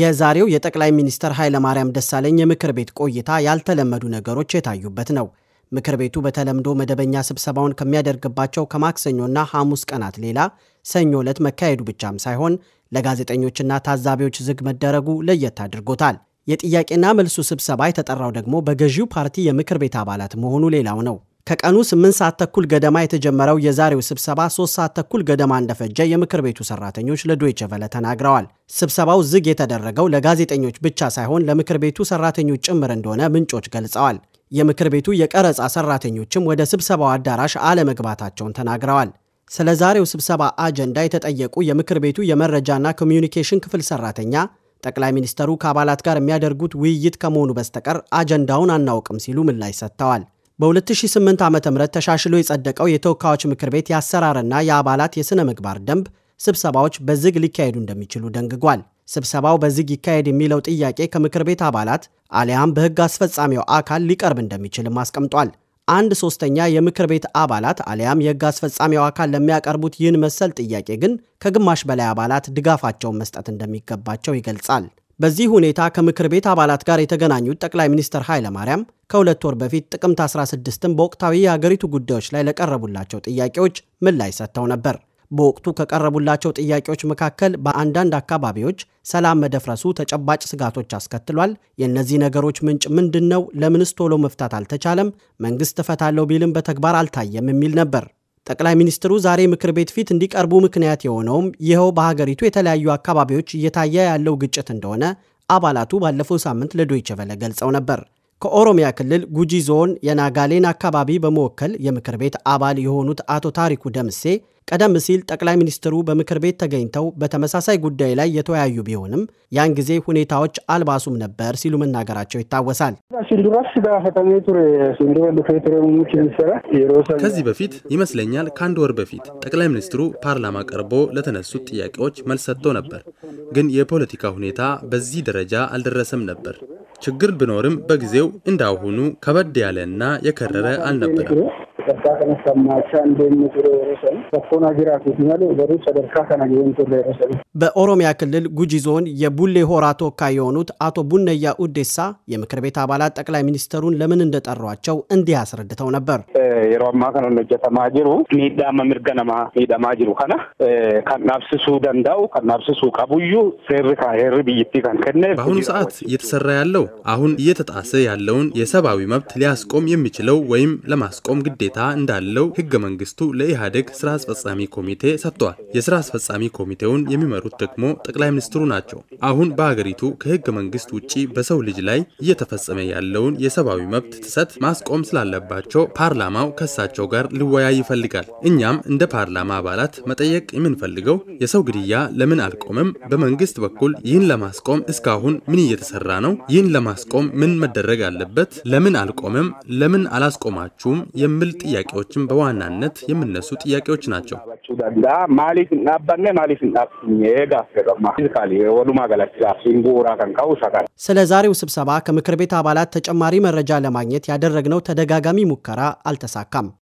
የዛሬው የጠቅላይ ሚኒስትር ኃይለማርያም ደሳለኝ የምክር ቤት ቆይታ ያልተለመዱ ነገሮች የታዩበት ነው። ምክር ቤቱ በተለምዶ መደበኛ ስብሰባውን ከሚያደርግባቸው ከማክሰኞና ሐሙስ ቀናት ሌላ ሰኞ ዕለት መካሄዱ ብቻም ሳይሆን ለጋዜጠኞችና ታዛቢዎች ዝግ መደረጉ ለየት አድርጎታል። የጥያቄና መልሱ ስብሰባ የተጠራው ደግሞ በገዢው ፓርቲ የምክር ቤት አባላት መሆኑ ሌላው ነው። ከቀኑ 8 ሰዓት ተኩል ገደማ የተጀመረው የዛሬው ስብሰባ 3 ሰዓት ተኩል ገደማ እንደፈጀ የምክር ቤቱ ሰራተኞች ለዶይቸ ቨለ ተናግረዋል። ስብሰባው ዝግ የተደረገው ለጋዜጠኞች ብቻ ሳይሆን ለምክር ቤቱ ሰራተኞች ጭምር እንደሆነ ምንጮች ገልጸዋል። የምክር ቤቱ የቀረጻ ሰራተኞችም ወደ ስብሰባው አዳራሽ አለመግባታቸውን ተናግረዋል። ስለ ዛሬው ስብሰባ አጀንዳ የተጠየቁ የምክር ቤቱ የመረጃና ኮሚዩኒኬሽን ክፍል ሰራተኛ ጠቅላይ ሚኒስተሩ ከአባላት ጋር የሚያደርጉት ውይይት ከመሆኑ በስተቀር አጀንዳውን አናውቅም ሲሉ ምላሽ ሰጥተዋል። በ2008 ዓ ም ተሻሽሎ የጸደቀው የተወካዮች ምክር ቤት የአሰራርና የአባላት የሥነ ምግባር ደንብ ስብሰባዎች በዝግ ሊካሄዱ እንደሚችሉ ደንግጓል። ስብሰባው በዝግ ይካሄድ የሚለው ጥያቄ ከምክር ቤት አባላት አሊያም በሕግ አስፈጻሚው አካል ሊቀርብ እንደሚችልም አስቀምጧል። አንድ ሶስተኛ የምክር ቤት አባላት አሊያም የሕግ አስፈጻሚው አካል ለሚያቀርቡት ይህን መሰል ጥያቄ ግን ከግማሽ በላይ አባላት ድጋፋቸውን መስጠት እንደሚገባቸው ይገልጻል። በዚህ ሁኔታ ከምክር ቤት አባላት ጋር የተገናኙት ጠቅላይ ሚኒስትር ኃይለማርያም ከሁለት ወር በፊት ጥቅምት 16ን በወቅታዊ የአገሪቱ ጉዳዮች ላይ ለቀረቡላቸው ጥያቄዎች ምላሽ ሰጥተው ነበር። በወቅቱ ከቀረቡላቸው ጥያቄዎች መካከል በአንዳንድ አካባቢዎች ሰላም መደፍረሱ ተጨባጭ ስጋቶች አስከትሏል፣ የእነዚህ ነገሮች ምንጭ ምንድን ነው? ለምንስ ቶሎ መፍታት አልተቻለም? መንግስት እፈታለሁ ቢልም በተግባር አልታየም የሚል ነበር። ጠቅላይ ሚኒስትሩ ዛሬ ምክር ቤት ፊት እንዲቀርቡ ምክንያት የሆነውም ይኸው በሀገሪቱ የተለያዩ አካባቢዎች እየታየ ያለው ግጭት እንደሆነ አባላቱ ባለፈው ሳምንት ለዶይቸ ቬለ ገልጸው ነበር። ከኦሮሚያ ክልል ጉጂ ዞን የናጋሌን አካባቢ በመወከል የምክር ቤት አባል የሆኑት አቶ ታሪኩ ደምሴ ቀደም ሲል ጠቅላይ ሚኒስትሩ በምክር ቤት ተገኝተው በተመሳሳይ ጉዳይ ላይ የተወያዩ ቢሆንም ያን ጊዜ ሁኔታዎች አልባሱም ነበር ሲሉ መናገራቸው ይታወሳል። ከዚህ በፊት ይመስለኛል ከአንድ ወር በፊት ጠቅላይ ሚኒስትሩ ፓርላማ ቀርቦ ለተነሱት ጥያቄዎች መልስ ሰጥተው ነበር። ግን የፖለቲካ ሁኔታ በዚህ ደረጃ አልደረሰም ነበር። ችግር ቢኖርም በጊዜው እንዳሁኑ ከበድ ያለና የከረረ አልነበረም። sadarkaa kana sammaachaa deemne ture yeroo sani rakkoon jiraatuuf malee garuu sadarkaa kana ga'een ture yeroo sani በኦሮሚያ ክልል ጉጂ ዞን የቡሌ ሆራ ተወካይ የሆኑት አቶ ቡነያ ኡዴሳ የምክር ቤት አባላት ጠቅላይ ሚኒስተሩን ለምን እንደጠሯቸው እንዲህ አስረድተው ነበር። የሮ አማ ከነ ሆጀተማ ጅሩ ሚዳመ ምርገነማ ሚዳማ ጅሩ ከነ ከናብስሱ ደንዳው ከናብስሱ ቀቡዩ ሴርካ ሄር ብይቲ ከን ከነ በአሁኑ ሰዓት እየተሰራ ያለው አሁን እየተጣሰ ያለውን የሰብአዊ መብት ሊያስቆም የሚችለው ወይም ለማስቆም ግዴታ ሁኔታ እንዳለው ህገ መንግስቱ ለኢህአዴግ ስራ አስፈጻሚ ኮሚቴ ሰጥቷል። የስራ አስፈጻሚ ኮሚቴውን የሚመሩት ደግሞ ጠቅላይ ሚኒስትሩ ናቸው። አሁን በሀገሪቱ ከህገ መንግስት ውጭ በሰው ልጅ ላይ እየተፈጸመ ያለውን የሰብአዊ መብት ጥሰት ማስቆም ስላለባቸው ፓርላማው ከሳቸው ጋር ሊወያይ ይፈልጋል። እኛም እንደ ፓርላማ አባላት መጠየቅ የምንፈልገው የሰው ግድያ ለምን አልቆመም? በመንግስት በኩል ይህን ለማስቆም እስካሁን ምን እየተሰራ ነው? ይህን ለማስቆም ምን መደረግ አለበት? ለምን አልቆመም? ለምን አላስቆማችሁም? የሚል ጥያቄዎችን በዋናነት የሚነሱ ጥያቄዎች ናቸው። ስለ ዛሬው ስብሰባ ከምክር ቤት አባላት ተጨማሪ መረጃ ለማግኘት ያደረግነው ተደጋጋሚ ሙከራ አልተሳካም።